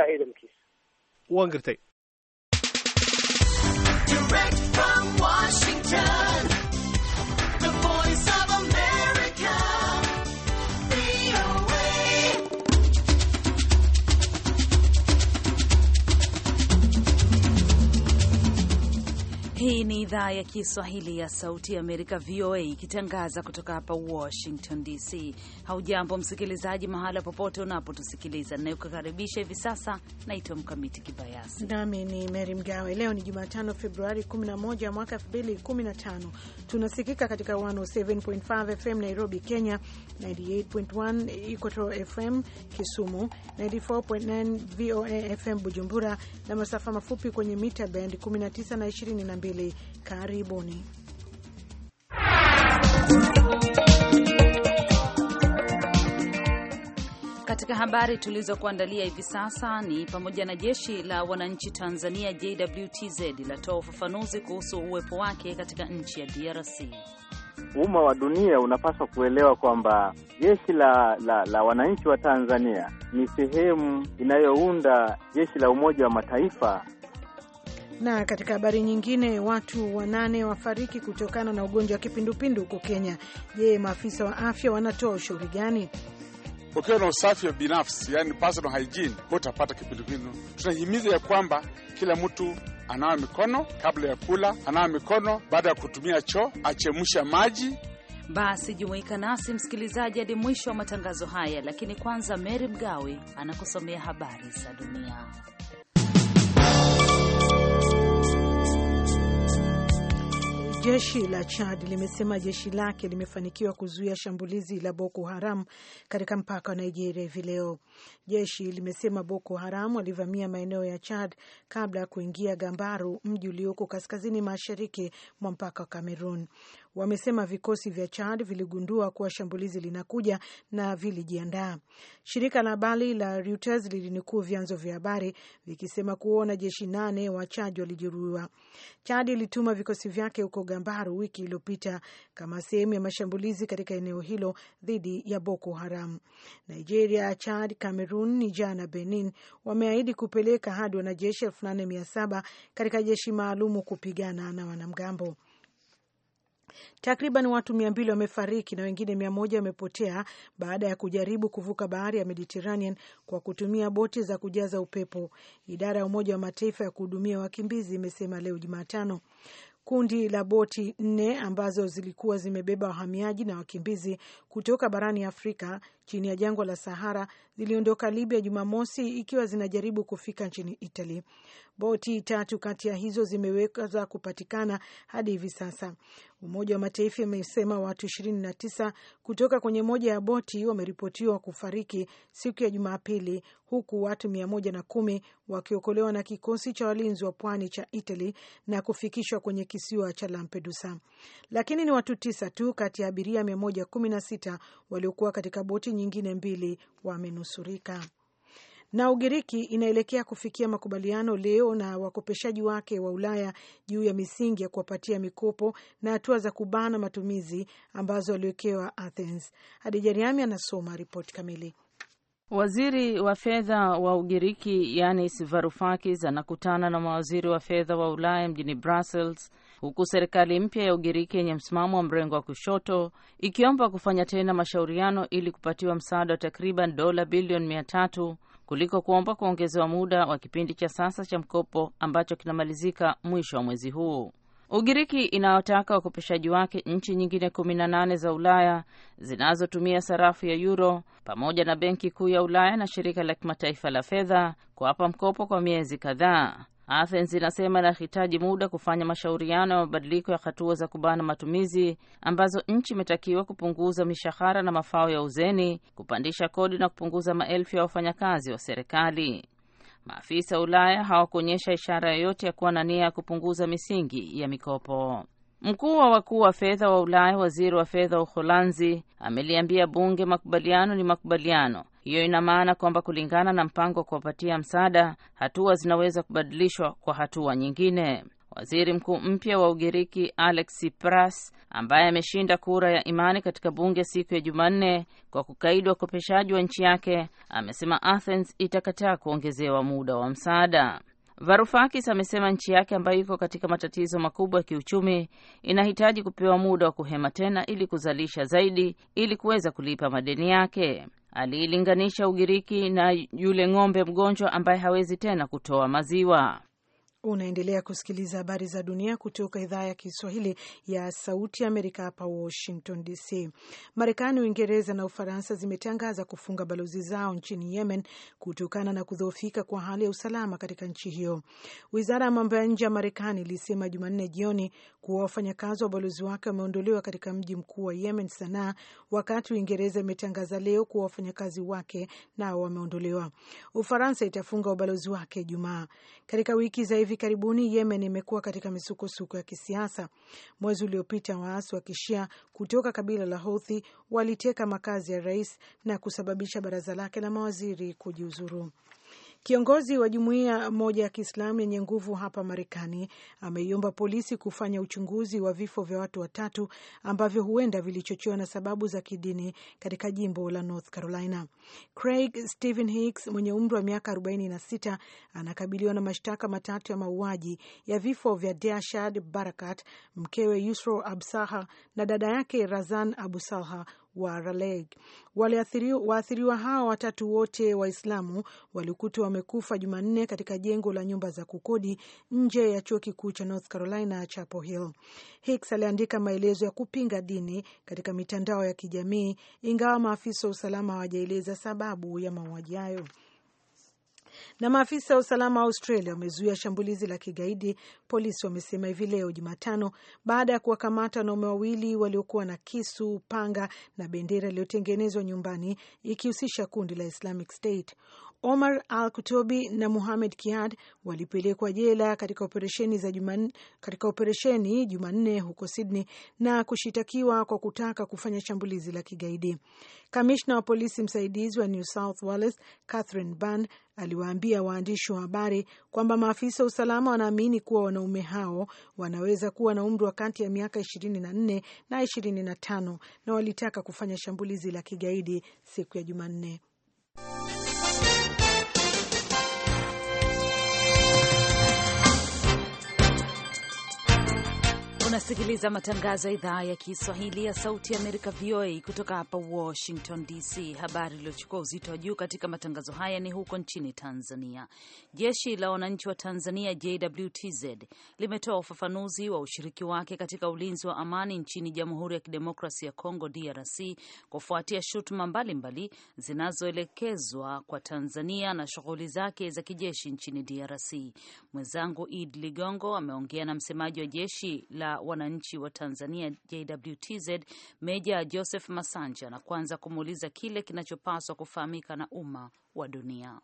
madaxweynaha ciidankiisa waan gartay Hii ni idhaa ya Kiswahili ya Sauti ya Amerika, VOA, ikitangaza kutoka hapa Washington DC. Haujambo msikilizaji, mahala popote unapotusikiliza. Nayekukaribisha hivi sasa naitwa Mkamiti Kibayasi nami ni Meri Mgawe. Leo ni Jumatano, Februari 11 mwaka 2015. Tunasikika katika 107.5 FM Nairobi, Kenya, 98.1 Equator FM Kisumu, 94.9 VOA FM Bujumbura, na masafa mafupi kwenye mita bendi 19 na 22 mbili. Karibuni. Katika habari tulizokuandalia hivi sasa ni pamoja na jeshi la wananchi Tanzania JWTZ latoa ufafanuzi kuhusu uwepo wake katika nchi ya DRC. Umma wa dunia unapaswa kuelewa kwamba jeshi la, la, la wananchi wa Tanzania ni sehemu inayounda jeshi la Umoja wa Mataifa na katika habari nyingine, watu wanane wafariki kutokana na ugonjwa wa kipindupindu huko Kenya. Je, maafisa wa afya wanatoa ushauri gani? Ukiwa na usafi wa binafsi, yani personal hygiene, utapata kipindupindu. Tunahimiza ya kwamba kila mtu anawa mikono kabla ya kula, anawa mikono baada ya kutumia choo, achemsha maji. Basi jumuika nasi msikilizaji hadi mwisho wa matangazo haya, lakini kwanza Mary Mgawe anakusomea habari za dunia. Jeshi la Chad limesema jeshi lake limefanikiwa kuzuia shambulizi la Boko Haram katika mpaka wa Nigeria hivi leo. Jeshi limesema Boko Haram walivamia maeneo ya Chad kabla ya kuingia Gambaru, mji ulioko kaskazini mashariki mwa mpaka wa Cameroon wamesema vikosi vya Chad viligundua kuwa shambulizi linakuja na vilijiandaa. Shirika la habari la Reuters lilinukuu vyanzo vya habari vikisema kuwa wanajeshi nane wa Chad walijeruhiwa. Chad ilituma vikosi vyake huko Gambaru wiki iliyopita kama sehemu ya mashambulizi katika eneo hilo dhidi ya Boko Haram. Nigeria, Chad, Cameroon, Niger na Benin wameahidi kupeleka hadi wanajeshi elfu nane mia saba katika jeshi maalumu kupigana na wanamgambo. Takriban watu mia mbili wamefariki na wengine mia moja wamepotea baada ya kujaribu kuvuka bahari ya Mediterranean kwa kutumia boti za kujaza upepo, idara ya Umoja wa Mataifa ya kuhudumia wakimbizi imesema leo Jumatano kundi la boti nne ambazo zilikuwa zimebeba wahamiaji na wakimbizi kutoka barani Afrika chini ya jangwa la Sahara ziliondoka Libya Jumamosi ikiwa zinajaribu kufika nchini Italy. Boti tatu kati ya hizo zimeweza kupatikana hadi hivi sasa. Umoja wa Mataifa imesema watu ishirini tisa kutoka kwenye moja ya boti wameripotiwa kufariki siku ya Jumapili huku watu mia moja na kumi wakiokolewa na kikosi cha walinzi wa pwani cha Italy na kufikishwa kwenye kisiwa cha Lampedusa, lakini ni watu tisa tu kati ya abiria mia moja kumi na sita waliokuwa katika boti nyingine mbili wamenusurika na Ugiriki inaelekea kufikia makubaliano leo na wakopeshaji wake wa Ulaya juu ya misingi ya kuwapatia mikopo na hatua za kubana matumizi ambazo waliwekewa Athens. Hadija Riami anasoma ripoti kamili. Waziri wa fedha wa Ugiriki Yanis Varoufakis anakutana na mawaziri wa fedha wa Ulaya mjini Brussels, huku serikali mpya ya Ugiriki yenye msimamo wa mrengo wa kushoto ikiomba kufanya tena mashauriano ili kupatiwa msaada wa takriban dola bilioni mia tatu kuliko kuomba kuongezewa muda wa kipindi cha sasa cha mkopo ambacho kinamalizika mwisho wa mwezi huu. Ugiriki inawataka wakopeshaji wake nchi nyingine kumi na nane za Ulaya zinazotumia sarafu ya euro pamoja na benki kuu ya Ulaya na shirika la kimataifa la fedha kuwapa mkopo kwa miezi kadhaa. Athens inasema inahitaji muda kufanya mashauriano ya mabadiliko ya hatua za kubana matumizi ambazo nchi imetakiwa kupunguza mishahara na mafao ya uzeni, kupandisha kodi na kupunguza maelfu ya wafanyakazi wa serikali. Maafisa wa Ulaya hawakuonyesha ishara yoyote ya kuwa na nia ya kupunguza misingi ya mikopo. Mkuu wa wakuu wa fedha wa Ulaya, waziri wa fedha wa Uholanzi, ameliambia bunge makubaliano ni makubaliano. Hiyo ina maana kwamba kulingana na mpango wa kuwapatia msaada, hatua zinaweza kubadilishwa kwa hatua nyingine. Waziri mkuu mpya wa Ugiriki Alex Tsipras, ambaye ameshinda kura ya imani katika bunge siku ya Jumanne kwa kukaidi wakopeshaji wa nchi yake, amesema Athens itakataa kuongezewa muda wa msaada. Varoufakis amesema nchi yake ambayo iko katika matatizo makubwa ya kiuchumi inahitaji kupewa muda wa kuhema tena ili kuzalisha zaidi ili kuweza kulipa madeni yake. Aliilinganisha Ugiriki na yule ng'ombe mgonjwa ambaye hawezi tena kutoa maziwa. Unaendelea kusikiliza habari za dunia kutoka idhaa ya Kiswahili ya Sauti Amerika, hapa Washington DC. Marekani, Uingereza na Ufaransa zimetangaza kufunga balozi zao nchini Yemen kutokana na kudhoofika kwa hali ya usalama katika nchi hiyo. Wizara ya mambo ya nje ya Marekani ilisema Jumanne jioni kuwa wafanyakazi wa ubalozi wake wameondolewa katika mji mkuu wa Yemen, Sanaa, wakati Uingereza imetangaza leo kuwa wafanyakazi wake nao wameondolewa. Ufaransa itafunga ubalozi wake Jumaa. Katika wiki za hivi karibuni, Yemen imekuwa katika misukosuko ya kisiasa. Mwezi uliopita, waasi wa kishia kutoka kabila la Houthi waliteka makazi ya rais na kusababisha baraza lake la mawaziri kujiuzuru. Kiongozi wa jumuiya moja ya Kiislamu yenye nguvu hapa Marekani ameiomba polisi kufanya uchunguzi wa vifo vya watu watatu ambavyo huenda vilichochewa na sababu za kidini katika jimbo la North Carolina. Craig Stephen Hicks mwenye umri wa miaka 46 anakabiliwa na mashtaka matatu ya mauaji ya vifo vya Dashad Barakat, mkewe Yusro Absaha na dada yake Razan Abusalha wa Raleigh. Waathiriwa hao watatu wote Waislamu walikutwa wamekufa Jumanne katika jengo la nyumba za kukodi nje ya chuo kikuu cha North Carolina Chapel Hill. Hicks aliandika maelezo ya kupinga dini katika mitandao ya kijamii, ingawa maafisa wa usalama hawajaeleza sababu ya mauaji hayo. Na maafisa wa usalama wa Australia wamezuia shambulizi la kigaidi, polisi wamesema hivi leo Jumatano, baada ya kuwakamata wanaume wawili waliokuwa na kisu, panga na bendera iliyotengenezwa nyumbani ikihusisha kundi la Islamic State. Omar Al kutobi na Muhamed Kiad walipelekwa jela katika operesheni za Jumanne, katika operesheni Jumanne huko Sydney na kushitakiwa kwa kutaka kufanya shambulizi la kigaidi. Kamishna wa polisi msaidizi wa New South Wales Catherine Ban aliwaambia waandishi wa habari kwamba maafisa wa usalama wanaamini kuwa wanaume hao wanaweza kuwa na umri wa kati ya miaka ishirini na nne na ishirini na tano na walitaka kufanya shambulizi la kigaidi siku ya Jumanne. Unasikiliza matangazo ya idhaa ya Kiswahili ya Sauti Amerika, VOA, kutoka hapa Washington DC. Habari iliyochukua uzito wa juu katika matangazo haya ni huko nchini Tanzania. Jeshi la Wananchi wa Tanzania, JWTZ, limetoa ufafanuzi wa ushiriki wake katika ulinzi wa amani nchini Jamhuri ya Kidemokrasi ya congo DRC, kufuatia shutuma mbalimbali zinazoelekezwa kwa Tanzania na shughuli zake za kijeshi nchini DRC. Mwenzangu Id Ligongo ameongea na msemaji wa jeshi la wananchi wa Tanzania JWTZ Meja Joseph Masanja na kuanza kumuuliza kile kinachopaswa kufahamika na umma wa dunia.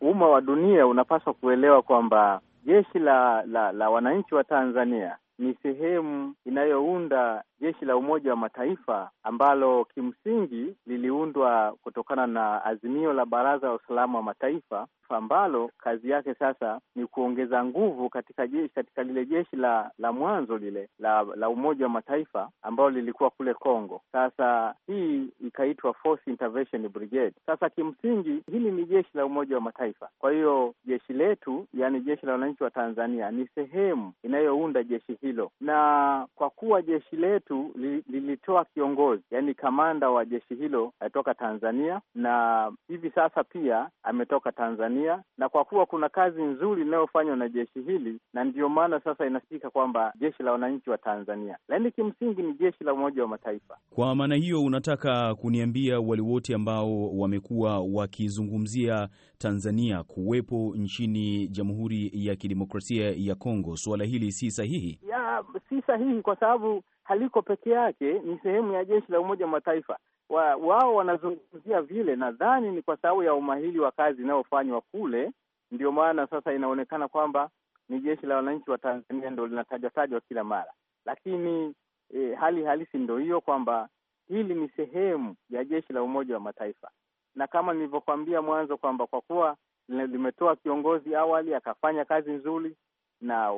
Umma wa dunia unapaswa kuelewa kwamba jeshi la, la, la wananchi wa Tanzania ni sehemu inayounda jeshi la Umoja wa Mataifa ambalo kimsingi liliundwa kutokana na azimio la Baraza la Usalama wa Mataifa ambalo kazi yake sasa ni kuongeza nguvu katika jeshi, katika lile jeshi la la mwanzo lile la la Umoja wa Mataifa ambalo lilikuwa kule congo Sasa hii ikaitwa Force Intervention Brigade. Sasa kimsingi hili ni jeshi la Umoja wa Mataifa. Kwa hiyo jeshi letu, yani jeshi la wananchi wa Tanzania, ni sehemu inayounda jeshi hilo, na kwa kuwa jeshi letu letu lilitoa li, kiongozi yani kamanda wa jeshi hilo alitoka Tanzania na hivi sasa pia ametoka Tanzania, na kwa kuwa kuna kazi nzuri inayofanywa na jeshi hili, na ndiyo maana sasa inasikika kwamba jeshi la wananchi wa Tanzania, lakini kimsingi ni jeshi la Umoja wa Mataifa. Kwa maana hiyo, unataka kuniambia wale wote ambao wamekuwa wakizungumzia Tanzania kuwepo nchini Jamhuri ya Kidemokrasia ya Kongo, suala hili si sahihi? Ya, si sahihi kwa sababu haliko peke yake, ni sehemu ya jeshi la Umoja wa Mataifa. Wa, wao wanazungumzia vile, nadhani ni kwa sababu ya umahili wa kazi inayofanywa kule, ndio maana sasa inaonekana kwamba ni jeshi la wananchi wa Tanzania ndo linatajwatajwa kila mara, lakini e, hali halisi ndo hiyo kwamba hili ni sehemu ya jeshi la Umoja wa Mataifa, na kama nilivyokwambia mwanzo kwamba kwa kuwa limetoa kiongozi awali akafanya kazi nzuri, na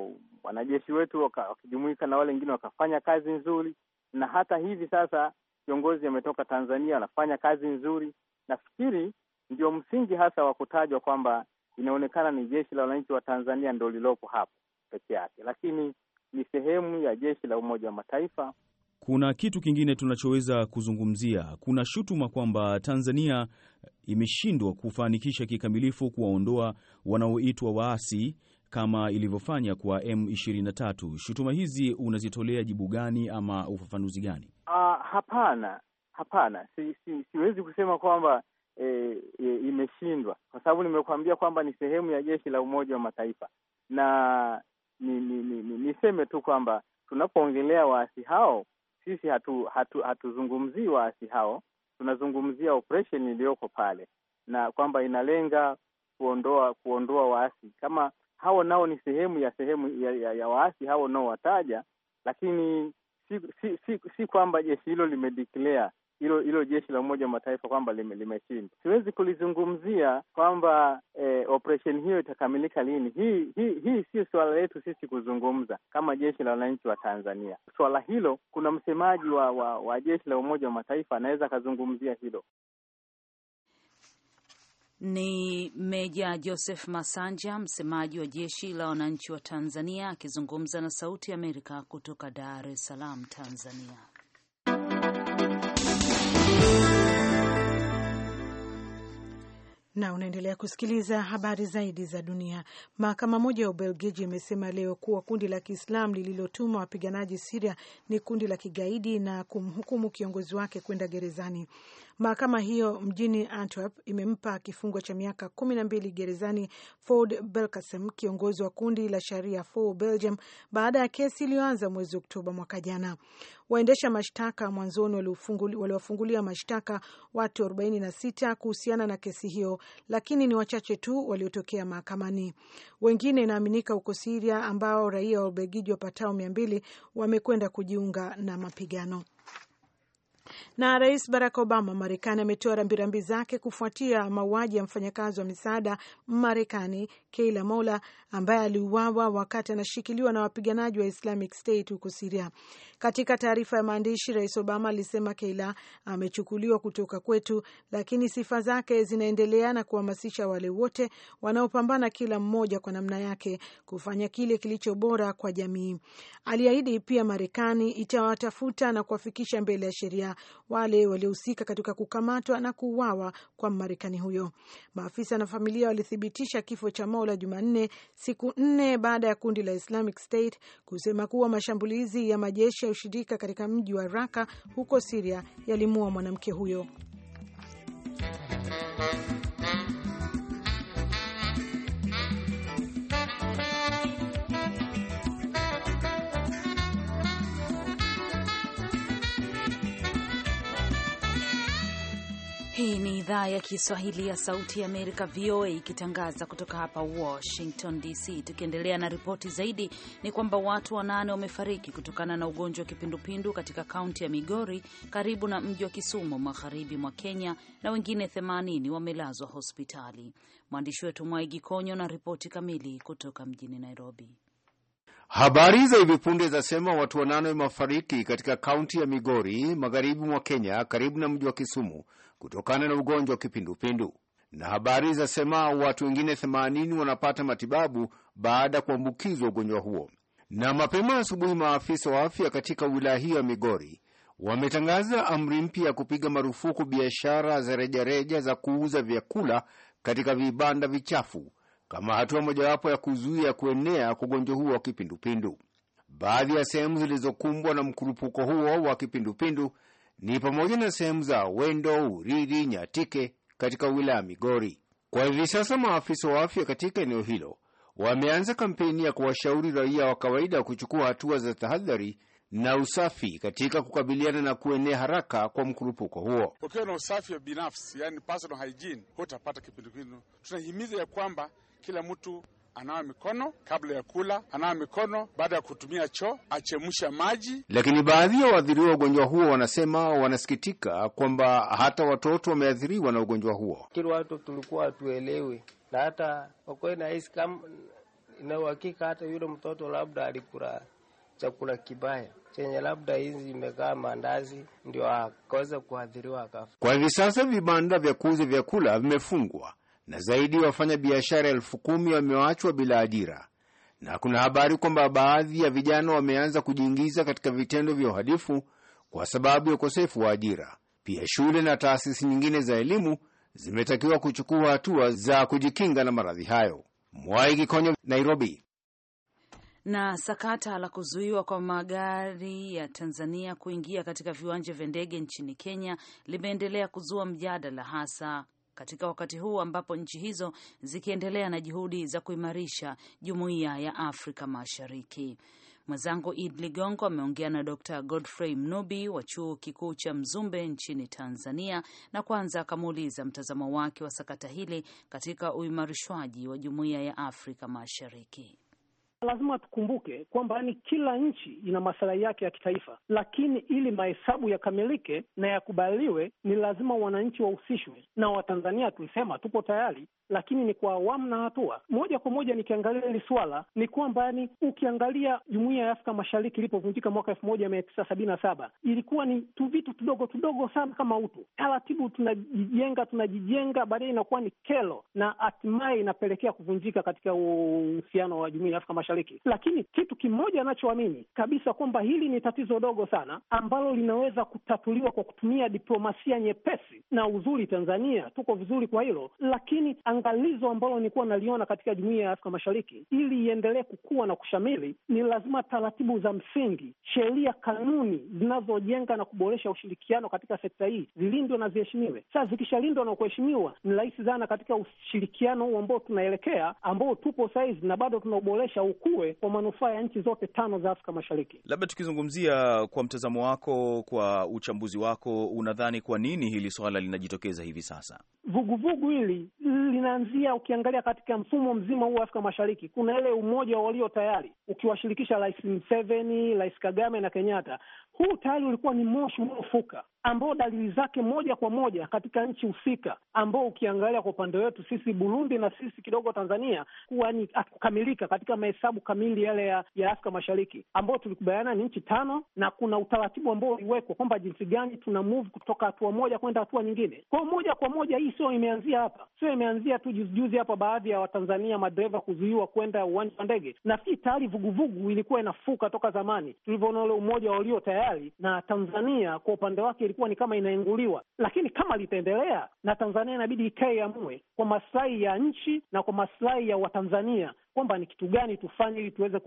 wanajeshi wetu wakijumuika na wale wengine wakafanya kazi nzuri, na hata hivi sasa kiongozi ametoka Tanzania, wanafanya kazi nzuri. Nafikiri ndio msingi hasa wa kutajwa kwamba inaonekana ni jeshi la wananchi wa Tanzania ndo lilopo hapo peke yake, lakini ni sehemu ya jeshi la Umoja wa Mataifa. Kuna kitu kingine tunachoweza kuzungumzia. Kuna shutuma kwamba Tanzania imeshindwa kufanikisha kikamilifu kuwaondoa wanaoitwa waasi kama ilivyofanya kwa M23. Shutuma hizi unazitolea jibu gani ama ufafanuzi gani? Uh, hapana, hapana, si, si, siwezi kusema kwamba e, e, imeshindwa kwa sababu nimekuambia kwamba ni sehemu ya jeshi la Umoja wa Mataifa na ni, ni, ni, ni, tu kwamba tunapoongelea waasi hao sisi hatuzungumzii hatu, hatu waasi hao, tunazungumzia operation iliyoko pale na kwamba inalenga kuondoa kuondoa waasi kama hao nao ni sehemu ya sehemu ya, ya, ya waasi hao nao wataja, lakini si si, si, si kwamba jeshi hilo limedeclare hilo hilo jeshi la Umoja wa Mataifa kwamba limeshinda lime. Siwezi kulizungumzia kwamba eh, operesheni hiyo itakamilika lini. Hii hii hii sio suala letu sisi kuzungumza kama jeshi la wananchi wa Tanzania. Suala hilo kuna msemaji wa, wa, wa jeshi la Umoja wa Mataifa anaweza akazungumzia hilo, ni Meja Joseph Masanja, msemaji wa jeshi la wananchi wa Tanzania, akizungumza na Sauti ya Amerika kutoka Dar es Salaam, Tanzania. na unaendelea kusikiliza habari zaidi za dunia. Mahakama moja ya Ubelgiji imesema leo kuwa kundi la Kiislamu lililotuma wapiganaji Siria ni kundi la kigaidi na kumhukumu kiongozi wake kwenda gerezani. Mahakama hiyo mjini Antwerp imempa kifungo cha miaka kumi na mbili gerezani Ford Belkasem, kiongozi wa kundi la Sharia for Belgium, baada ya kesi iliyoanza mwezi Oktoba mwaka jana. Waendesha mashtaka mwanzoni waliwafungulia mashtaka watu 46 kuhusiana na kesi hiyo, lakini ni wachache tu waliotokea mahakamani. Wengine inaaminika huko Siria, ambao raia wa Ubelgiji wapatao mia mbili wamekwenda kujiunga na mapigano. Na Rais Barack Obama Marekani ametoa rambirambi zake kufuatia mauaji ya mfanyakazi wa misaada Marekani Kayla Mola ambaye aliuawa wakati anashikiliwa na wapiganaji wa Islamic State huko Siria. Katika taarifa ya maandishi, Rais Obama alisema Kayla amechukuliwa kutoka kwetu, lakini sifa zake zinaendelea na kuhamasisha wale wote wanaopambana, kila mmoja kwa namna yake, kufanya kile kilicho bora kwa jamii. Aliahidi pia Marekani itawatafuta na kuwafikisha mbele ya sheria wale waliohusika katika kukamatwa na kuuawa kwa Mmarekani huyo. Maafisa na familia walithibitisha kifo cha Mola Jumanne, siku nne baada ya kundi la Islamic State kusema kuwa mashambulizi ya majeshi ya ushirika katika mji wa Raka huko Siria yalimua mwanamke huyo. Hii ni idhaa ya Kiswahili ya Sauti ya Amerika, VOA, ikitangaza kutoka hapa Washington DC. Tukiendelea na ripoti zaidi, ni kwamba watu wanane wamefariki kutokana na ugonjwa wa kipindupindu katika kaunti ya Migori, karibu na mji wa Kisumu, magharibi mwa Kenya, na wengine 80 wamelazwa hospitali. Mwandishi wetu Mwaigi Konyo na ripoti kamili kutoka mjini Nairobi. Habari za hivi punde zasema watu wanane wamefariki katika kaunti ya Migori, magharibi mwa Kenya, karibu na mji wa Kisumu kutokana na ugonjwa wa kipindupindu, na habari zasema watu wengine 80 wanapata matibabu baada ya kuambukizwa ugonjwa huo. Na mapema asubuhi, maafisa wa afya katika wilaya hiyo ya Migori wametangaza amri mpya ya kupiga marufuku biashara za rejareja za kuuza vyakula katika vibanda vichafu kama hatua mojawapo ya kuzuia kuenea kwa ugonjwa huo wa kipindupindu. Baadhi ya sehemu zilizokumbwa na mkurupuko huo wa kipindupindu ni pamoja na sehemu za Wendo, Uriri, Nyatike katika wilaya Migori. Kwa hivi sasa maafisa wa afya katika eneo hilo wameanza kampeni ya kuwashauri raia wa kawaida kuchukua hatua za tahadhari na usafi katika kukabiliana na kuenea haraka kwa mkurupuko huo. Ukiwa na usafi wa binafsi, yani personal hygiene, hutapata kipindupindu. Tunahimiza ya kwamba kila mtu anawa mikono kabla ya kula, anawa mikono baada ya kutumia choo, achemsha maji. Lakini baadhi ya waathiriwa ugonjwa huo wanasema wanasikitika kwamba hata watoto wameathiriwa na ugonjwa huo. Kila watu tulikuwa hatuelewi, na hata wakuwe nahisi kama ina uhakika hata yule mtoto labda alikula chakula kibaya chenye labda hizi imekaa mandazi ndio akaweza kuathiriwa akafa. Kwa hivi sasa vibanda vya kuuza vyakula vimefungwa na zaidi wafanya biashara elfu kumi wameachwa bila ajira, na kuna habari kwamba baadhi ya vijana wameanza kujiingiza katika vitendo vya uhalifu kwa sababu ya ukosefu wa ajira. Pia shule na taasisi nyingine za elimu zimetakiwa kuchukua hatua za kujikinga na maradhi hayo. Mwai Kikonyo, Nairobi. Na sakata la kuzuiwa kwa magari ya Tanzania kuingia katika viwanja vya ndege nchini Kenya limeendelea kuzua mjadala hasa katika wakati huu ambapo nchi hizo zikiendelea na juhudi za kuimarisha jumuiya ya Afrika Mashariki. Mwenzangu Id Ligongo ameongea na Dr Godfrey Mnubi wa chuo kikuu cha Mzumbe nchini Tanzania, na kwanza akamuuliza mtazamo wake wa sakata hili katika uimarishwaji wa jumuiya ya Afrika Mashariki. Lazima tukumbuke kwamba ni kila nchi ina masilahi yake ya kitaifa, lakini ili mahesabu yakamilike na yakubaliwe, ni lazima wananchi wahusishwe. Na Watanzania tulisema tupo tayari, lakini ni kwa awamu na hatua moja kwa moja. Nikiangalia hili swala ni kwamba yani, ukiangalia jumuiya ya Afrika Mashariki ilipovunjika mwaka elfu moja mia tisa sabini na saba ilikuwa ni tuvitu tudogo tudogo sana kama utu. Taratibu tunajijenga tunajijenga, baadaye inakuwa ni kelo na hatimaye inapelekea kuvunjika katika uhusiano wa jumuiya ya Afrika Mashariki. Mashariki, lakini kitu kimoja anachoamini kabisa kwamba hili ni tatizo dogo sana ambalo linaweza kutatuliwa kwa kutumia diplomasia nyepesi, na uzuri Tanzania tuko vizuri kwa hilo, lakini angalizo ambalo nilikuwa naliona katika jumuiya ya Afrika Mashariki ili iendelee kukua na kushamili, ni lazima taratibu za msingi, sheria, kanuni zinazojenga na kuboresha ushirikiano katika sekta hii zilindwe na ziheshimiwe. Sasa zikishalindwa na kuheshimiwa, ni rahisi sana katika ushirikiano huu ambao tunaelekea, ambao tupo saizi na bado tunauboresha ukue kwa manufaa ya nchi zote tano za Afrika Mashariki. Labda tukizungumzia kwa mtazamo wako, kwa uchambuzi wako, unadhani kwa nini hili swala linajitokeza hivi sasa? Vuguvugu vugu hili linaanzia, ukiangalia katika mfumo mzima huu wa Afrika Mashariki, kuna ile umoja walio tayari, ukiwashirikisha Rais Mseveni, Rais Kagame na Kenyatta, huu tayari ulikuwa ni moshi unaofuka ambao dalili zake moja kwa moja katika nchi husika, ambao ukiangalia kwa upande wetu sisi Burundi na sisi kidogo Tanzania kuwa ni kukamilika katika mahesabu kamili yale ya, ya Afrika Mashariki ambao tulikubaliana ni nchi tano, na kuna utaratibu ambao uliwekwa kwamba jinsi gani tuna move kutoka hatua moja kwenda hatua nyingine. kwao moja kwa moja hii sio imeanzia hapa, sio imeanzia tu juzijuzi hapa, baadhi ya Watanzania madereva kuzuiwa kwenda uwanja wa ndege. Nafikiri tayari vuguvugu ilikuwa inafuka toka zamani, tulivyoona ule umoja walio tayari serikali na Tanzania kwa upande wake ilikuwa ni kama inaenguliwa. Lakini kama litaendelea, na Tanzania inabidi ikae amue kwa maslahi ya nchi na kwa maslahi ya Watanzania kwamba ni kitu gani tufanye ili tuweze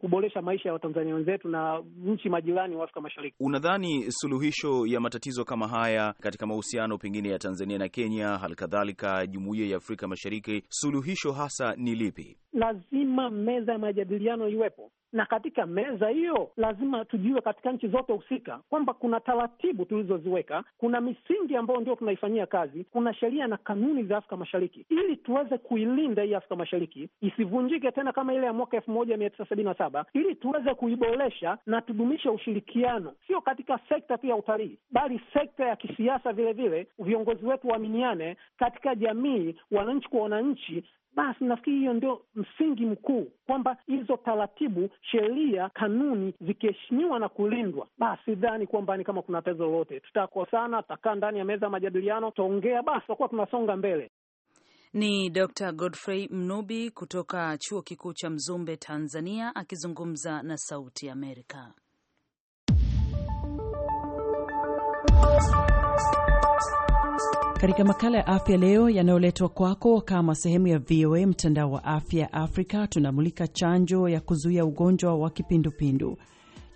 kuboresha maisha ya Watanzania wenzetu na nchi majirani wa Afrika Mashariki. Unadhani suluhisho ya matatizo kama haya katika mahusiano pengine ya Tanzania na Kenya, halikadhalika Jumuiya ya Afrika Mashariki, suluhisho hasa ni lipi? Lazima meza ya majadiliano iwepo na katika meza hiyo lazima tujue katika nchi zote husika kwamba kuna taratibu tulizoziweka, kuna misingi ambayo ndio tunaifanyia kazi, kuna sheria na kanuni za Afrika Mashariki ili tuweze kuilinda hii Afrika Mashariki isivunjike tena kama ile ya mwaka elfu moja mia tisa sabini na saba ili tuweze kuiboresha na tudumishe ushirikiano, sio katika sekta tu ya utalii, bali sekta ya kisiasa vilevile, viongozi wetu waaminiane katika jamii, wananchi kwa wananchi basi nafikiri hiyo ndio msingi mkuu, kwamba hizo taratibu, sheria, kanuni zikiheshimiwa na kulindwa, basi dhani kwamba ni kama kuna tatizo lolote, tutakosana, tutakaa ndani ya meza ya majadiliano, tutaongea, basi tutakuwa tunasonga mbele. Ni Dr. Godfrey Mnubi kutoka Chuo Kikuu cha Mzumbe, Tanzania, akizungumza na Sauti Amerika katika makala ya afya leo yanayoletwa kwako kama sehemu ya VOA mtandao wa afya Afrika, tunamulika chanjo ya kuzuia ugonjwa wa kipindupindu.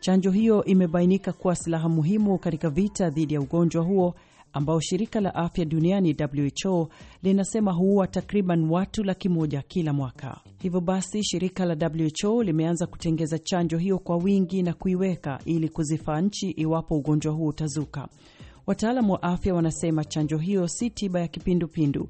Chanjo hiyo imebainika kuwa silaha muhimu katika vita dhidi ya ugonjwa huo ambao shirika la afya duniani WHO linasema huua takriban watu laki moja kila mwaka. Hivyo basi, shirika la WHO limeanza kutengeza chanjo hiyo kwa wingi na kuiweka ili kuzifaa nchi iwapo ugonjwa huo utazuka. Wataalamu wa afya wanasema chanjo hiyo si tiba ya kipindupindu,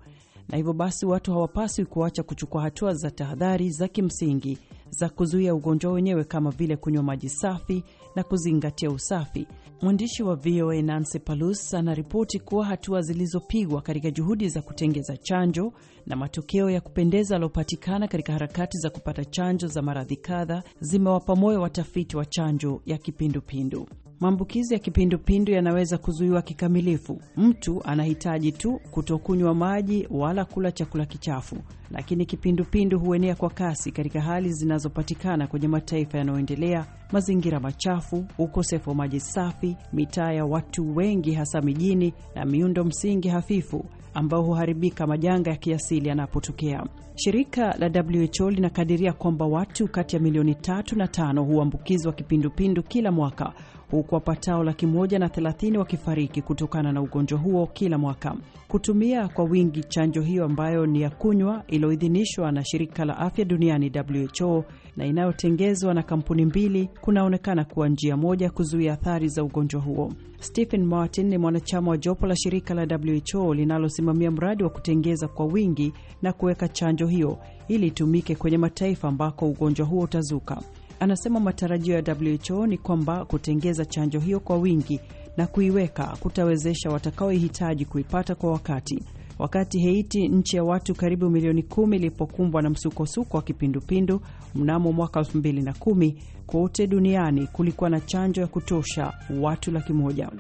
na hivyo basi watu hawapaswi kuacha kuchukua hatua za tahadhari za kimsingi za kuzuia ugonjwa wenyewe kama vile kunywa maji safi na kuzingatia usafi. Mwandishi wa VOA Nancy Palus anaripoti kuwa hatua zilizopigwa katika juhudi za kutengeza chanjo na matokeo ya kupendeza yaliyopatikana katika harakati za kupata chanjo za maradhi kadha zimewapa moyo watafiti wa chanjo ya kipindupindu. Maambukizi ya kipindupindu yanaweza kuzuiwa kikamilifu. Mtu anahitaji tu kutokunywa maji wala kula chakula kichafu, lakini kipindupindu huenea kwa kasi katika hali zinazopatikana kwenye mataifa yanayoendelea: mazingira machafu, ukosefu wa maji safi, mitaa ya watu wengi, hasa mijini, na miundo msingi hafifu ambao huharibika majanga ya kiasili yanapotokea. Shirika la WHO linakadiria kwamba watu kati ya milioni tatu na tano huambukizwa kipindupindu kila mwaka huku wapatao laki moja na thelathini wakifariki kutokana na ugonjwa huo kila mwaka. Kutumia kwa wingi chanjo hiyo ambayo ni ya kunywa iliyoidhinishwa na shirika la afya duniani WHO na inayotengezwa na kampuni mbili kunaonekana kuwa njia moja ya kuzuia athari za ugonjwa huo. Stephen Martin ni mwanachama wa jopo la shirika la WHO linalosimamia mradi wa kutengeza kwa wingi na kuweka chanjo hiyo ili itumike kwenye mataifa ambako ugonjwa huo utazuka. Anasema matarajio ya WHO ni kwamba kutengeza chanjo hiyo kwa wingi na kuiweka kutawezesha watakaoihitaji kuipata kwa wakati. Wakati Haiti, nchi ya watu karibu milioni kumi, ilipokumbwa na msukosuko wa kipindupindu mnamo mwaka 2010, kote duniani kulikuwa na chanjo ya kutosha watu laki moja.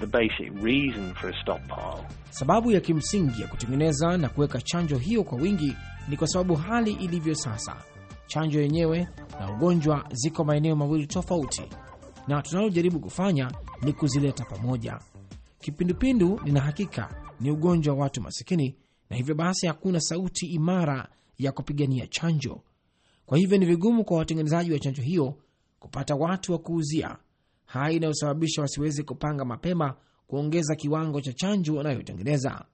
Sababu ya kimsingi ya kutengeneza na kuweka chanjo hiyo kwa wingi ni kwa sababu hali ilivyo sasa chanjo yenyewe na ugonjwa ziko maeneo mawili tofauti, na tunalojaribu kufanya ni kuzileta pamoja. Kipindupindu nina hakika ni ugonjwa wa watu masikini, na hivyo basi hakuna sauti imara ya kupigania chanjo. Kwa hivyo ni vigumu kwa watengenezaji wa chanjo hiyo kupata watu wa kuuzia, hali inayosababisha wasiwezi kupanga mapema kuongeza kiwango cha chanjo wanayotengeneza.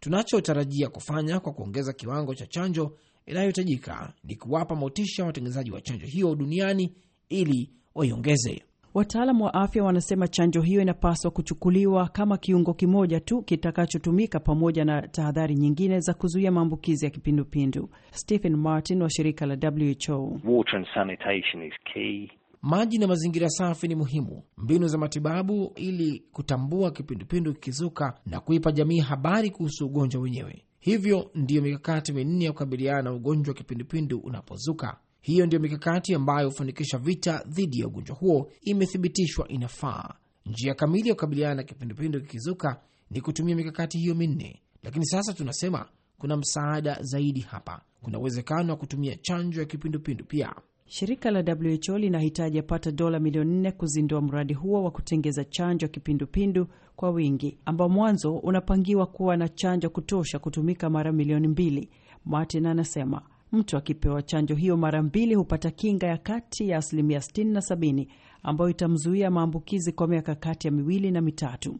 Tunachotarajia kufanya kwa kuongeza kiwango cha chanjo inayohitajika ni kuwapa motisha watengenezaji wa chanjo hiyo duniani ili waiongeze. Wataalam wa afya wanasema chanjo hiyo inapaswa kuchukuliwa kama kiungo kimoja tu kitakachotumika pamoja na tahadhari nyingine za kuzuia maambukizi ya kipindupindu. Stephen Martin wa shirika la WHO, Water and sanitation is key. Maji na mazingira safi ni muhimu. Mbinu za matibabu ili kutambua kipindupindu kikizuka na kuipa jamii habari kuhusu ugonjwa wenyewe. Hivyo ndiyo mikakati minne ya kukabiliana na ugonjwa wa kipindupindu unapozuka. Hiyo ndiyo mikakati ambayo hufanikisha vita dhidi ya ugonjwa huo, imethibitishwa inafaa. Njia kamili ya kukabiliana na kipindupindu kikizuka ni kutumia mikakati hiyo minne, lakini sasa tunasema kuna msaada zaidi hapa. Kuna uwezekano wa kutumia chanjo ya kipindupindu pia. Shirika la WHO linahitaji apata dola milioni nne kuzindua mradi huo wa kutengeza chanjo ya kipindupindu kwa wingi ambao mwanzo unapangiwa kuwa na chanjo kutosha kutumika mara milioni mbili. Martin anasema mtu akipewa chanjo hiyo mara mbili hupata kinga ya kati ya asilimia 60 na 70 ambayo itamzuia maambukizi kwa miaka kati ya miwili na mitatu.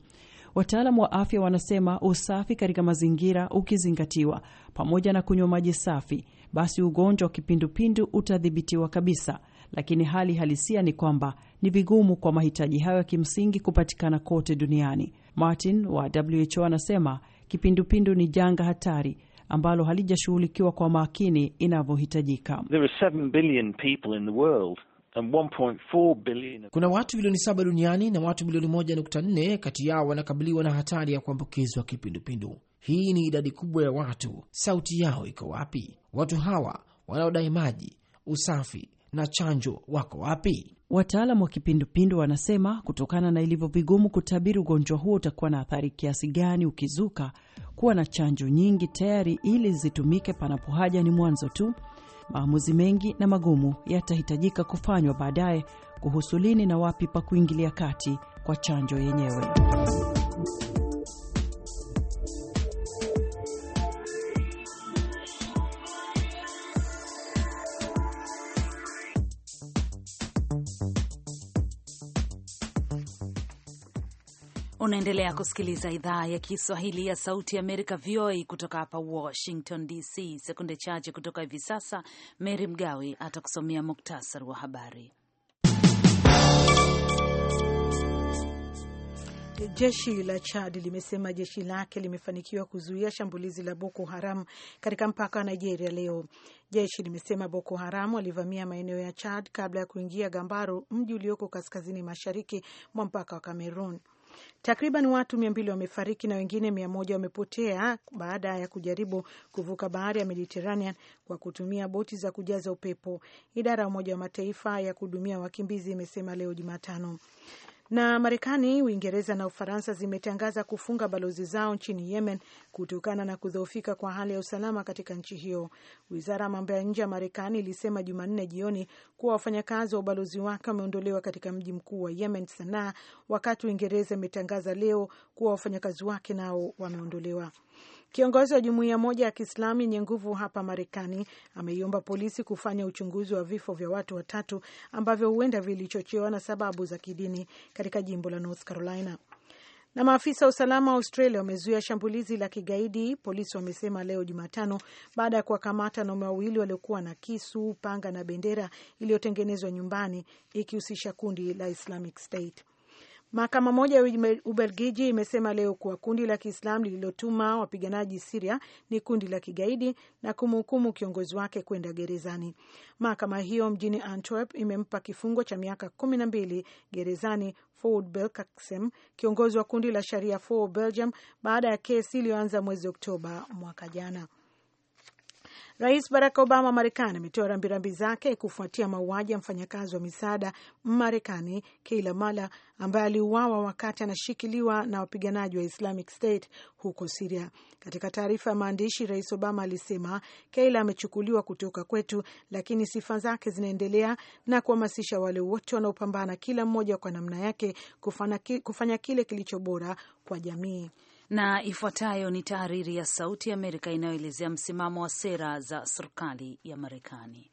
Wataalamu wa afya wanasema usafi katika mazingira ukizingatiwa, pamoja na kunywa maji safi basi ugonjwa wa kipindupindu utadhibitiwa kabisa, lakini hali halisia ni kwamba ni vigumu kwa mahitaji hayo ya kimsingi kupatikana kote duniani. Martin wa WHO anasema kipindupindu ni janga hatari ambalo halijashughulikiwa kwa makini inavyohitajika. Kuna watu milioni saba duniani na watu milioni moja nukta nne kati yao wanakabiliwa na hatari ya kuambukizwa kipindupindu. Hii ni idadi kubwa ya watu, sauti yao iko wapi? Watu hawa wanaodai maji, usafi na chanjo wako wapi? Wataalam wa kipindupindu wanasema kutokana na ilivyo vigumu kutabiri ugonjwa huo utakuwa na athari kiasi gani ukizuka, kuwa na chanjo nyingi tayari ili zitumike panapo haja ni mwanzo tu. Maamuzi mengi na magumu yatahitajika kufanywa baadaye kuhusu lini na wapi pa kuingilia kati kwa chanjo yenyewe. Unaendelea kusikiliza idhaa ya Kiswahili ya Sauti Amerika, VOA, kutoka hapa Washington DC. Sekunde chache kutoka hivi sasa, Mary Mgawe atakusomea muktasari wa habari. Jeshi la Chad limesema jeshi lake limefanikiwa kuzuia shambulizi la Boko Haram katika mpaka wa Nigeria leo. Jeshi limesema Boko Haram walivamia maeneo ya Chad kabla ya kuingia Gambaro, mji ulioko kaskazini mashariki mwa mpaka wa Cameroon. Takriban watu mia mbili wamefariki na wengine mia moja wamepotea baada ya kujaribu kuvuka bahari ya Mediterranean kwa kutumia boti za kujaza upepo, idara ya Umoja wa Mataifa ya kuhudumia wakimbizi imesema leo Jumatano. Na Marekani, Uingereza na Ufaransa zimetangaza kufunga balozi zao nchini Yemen kutokana na kudhoofika kwa hali ya usalama katika nchi hiyo. Wizara ya mambo ya nje ya Marekani ilisema Jumanne jioni kuwa wafanyakazi wa ubalozi wake wameondolewa katika mji mkuu wa Yemen, Sanaa, wakati Uingereza imetangaza leo kuwa wafanyakazi wake nao wameondolewa. Kiongozi wa jumuiya moja ya Kiislamu yenye nguvu hapa Marekani ameiomba polisi kufanya uchunguzi wa vifo vya watu watatu ambavyo huenda vilichochewa na sababu za kidini katika jimbo la North Carolina. Na maafisa wa usalama wa Australia wamezuia shambulizi la kigaidi, polisi wamesema leo Jumatano, baada ya kuwakamata wanaume wawili waliokuwa na kisu, panga na bendera iliyotengenezwa nyumbani ikihusisha kundi la Islamic State. Mahakama moja ya Ubelgiji imesema leo kuwa kundi la Kiislamu lililotuma wapiganaji Siria ni kundi la kigaidi na kumhukumu kiongozi wake kwenda gerezani. Mahakama hiyo mjini Antwerp imempa kifungo cha miaka kumi na mbili gerezani Ford Belkacem, kiongozi wa kundi la Sharia for Belgium, baada ya kesi iliyoanza mwezi Oktoba mwaka jana. Rais Barack Obama wa Marekani ametoa rambirambi zake kufuatia mauaji ya mfanyakazi wa misaada marekani Kayla Mala ambaye aliuawa wakati anashikiliwa na wapiganaji wa Islamic State huko Siria. Katika taarifa ya maandishi, Rais Obama alisema Kayla amechukuliwa kutoka kwetu, lakini sifa zake zinaendelea na kuhamasisha wale wote wanaopambana, kila mmoja kwa namna yake, kufanya kile kilicho bora kwa jamii na ifuatayo ni tahariri ya Sauti ya Amerika inayoelezea msimamo wa sera za serikali ya Marekani.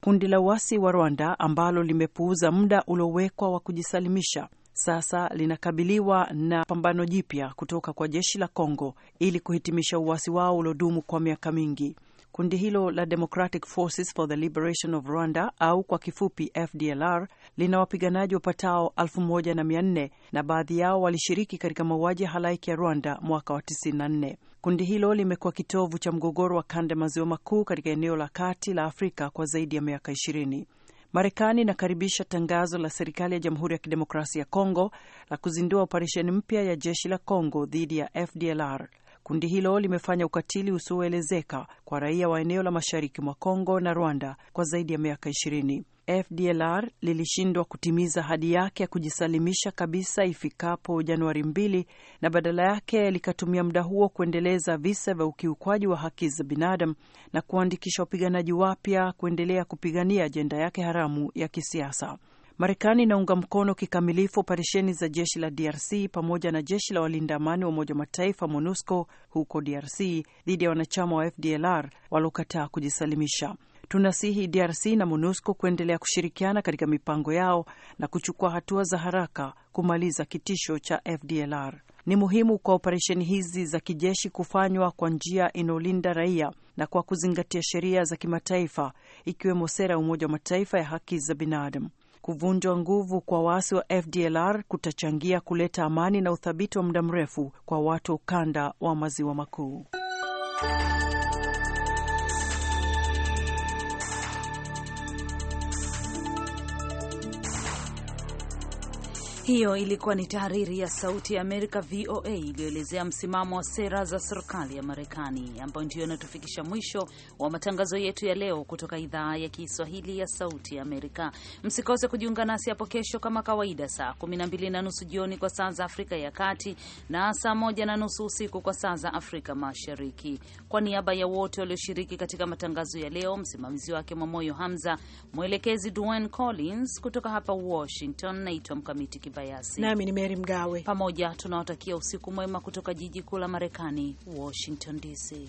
Kundi la uasi wa Rwanda ambalo limepuuza muda uliowekwa wa kujisalimisha sasa linakabiliwa na pambano jipya kutoka kwa jeshi la Kongo ili kuhitimisha uasi wao uliodumu kwa miaka mingi. Kundi hilo la Democratic Forces for the Liberation of Rwanda au kwa kifupi FDLR lina wapiganaji wapatao elfu na na baadhi yao walishiriki katika mauaji ya halaiki ya Rwanda mwaka wa 94. Kundi hilo limekuwa kitovu cha mgogoro wa kanda ya maziwa makuu katika eneo la kati la Afrika kwa zaidi ya miaka 20. Marekani inakaribisha tangazo la serikali ya Jamhuri ya Kidemokrasia ya Kongo la kuzindua operesheni mpya ya jeshi la Kongo dhidi ya FDLR. Kundi hilo limefanya ukatili usioelezeka kwa raia wa eneo la mashariki mwa Kongo na Rwanda kwa zaidi ya miaka ishirini. FDLR lilishindwa kutimiza hadi yake ya kujisalimisha kabisa ifikapo Januari mbili na badala yake likatumia muda huo kuendeleza visa vya ukiukwaji wa haki za binadamu na kuandikisha wapiganaji wapya kuendelea kupigania ajenda yake haramu ya kisiasa. Marekani inaunga mkono kikamilifu operesheni za jeshi la DRC pamoja na jeshi la walinda amani wa Umoja wa Mataifa MONUSCO huko DRC dhidi ya wanachama wa FDLR waliokataa kujisalimisha. Tunasihi DRC na MONUSCO kuendelea kushirikiana katika mipango yao na kuchukua hatua za haraka kumaliza kitisho cha FDLR. Ni muhimu kwa operesheni hizi za kijeshi kufanywa kwa njia inayolinda raia na kwa kuzingatia sheria za kimataifa ikiwemo sera ya Umoja wa Mataifa ya haki za binadamu. Kuvunjwa nguvu kwa waasi wa FDLR kutachangia kuleta amani na uthabiti wa muda mrefu kwa watu ukanda wa maziwa makuu. Hiyo ilikuwa ni tahariri ya Sauti ya Amerika, VOA, iliyoelezea msimamo wa sera za serikali ya Marekani, ambayo ndiyo inatufikisha mwisho wa matangazo yetu ya leo kutoka idhaa ya Kiswahili ya Sauti ya Amerika. Msikose kujiunga nasi hapo kesho kama kawaida, saa 12 na nusu jioni kwa saa za Afrika ya Kati na saa moja na nusu usiku kwa saa za Afrika Mashariki. Kwa niaba ya wote walioshiriki katika matangazo ya leo, msimamizi wake Mwamoyo Hamza, mwelekezi Duane Collins, kutoka hapa Washington naitwa Mkamiti Mkambayasi nami ni Meri Mgawe. Pamoja tunawatakia usiku mwema kutoka jiji kuu la Marekani, Washington DC.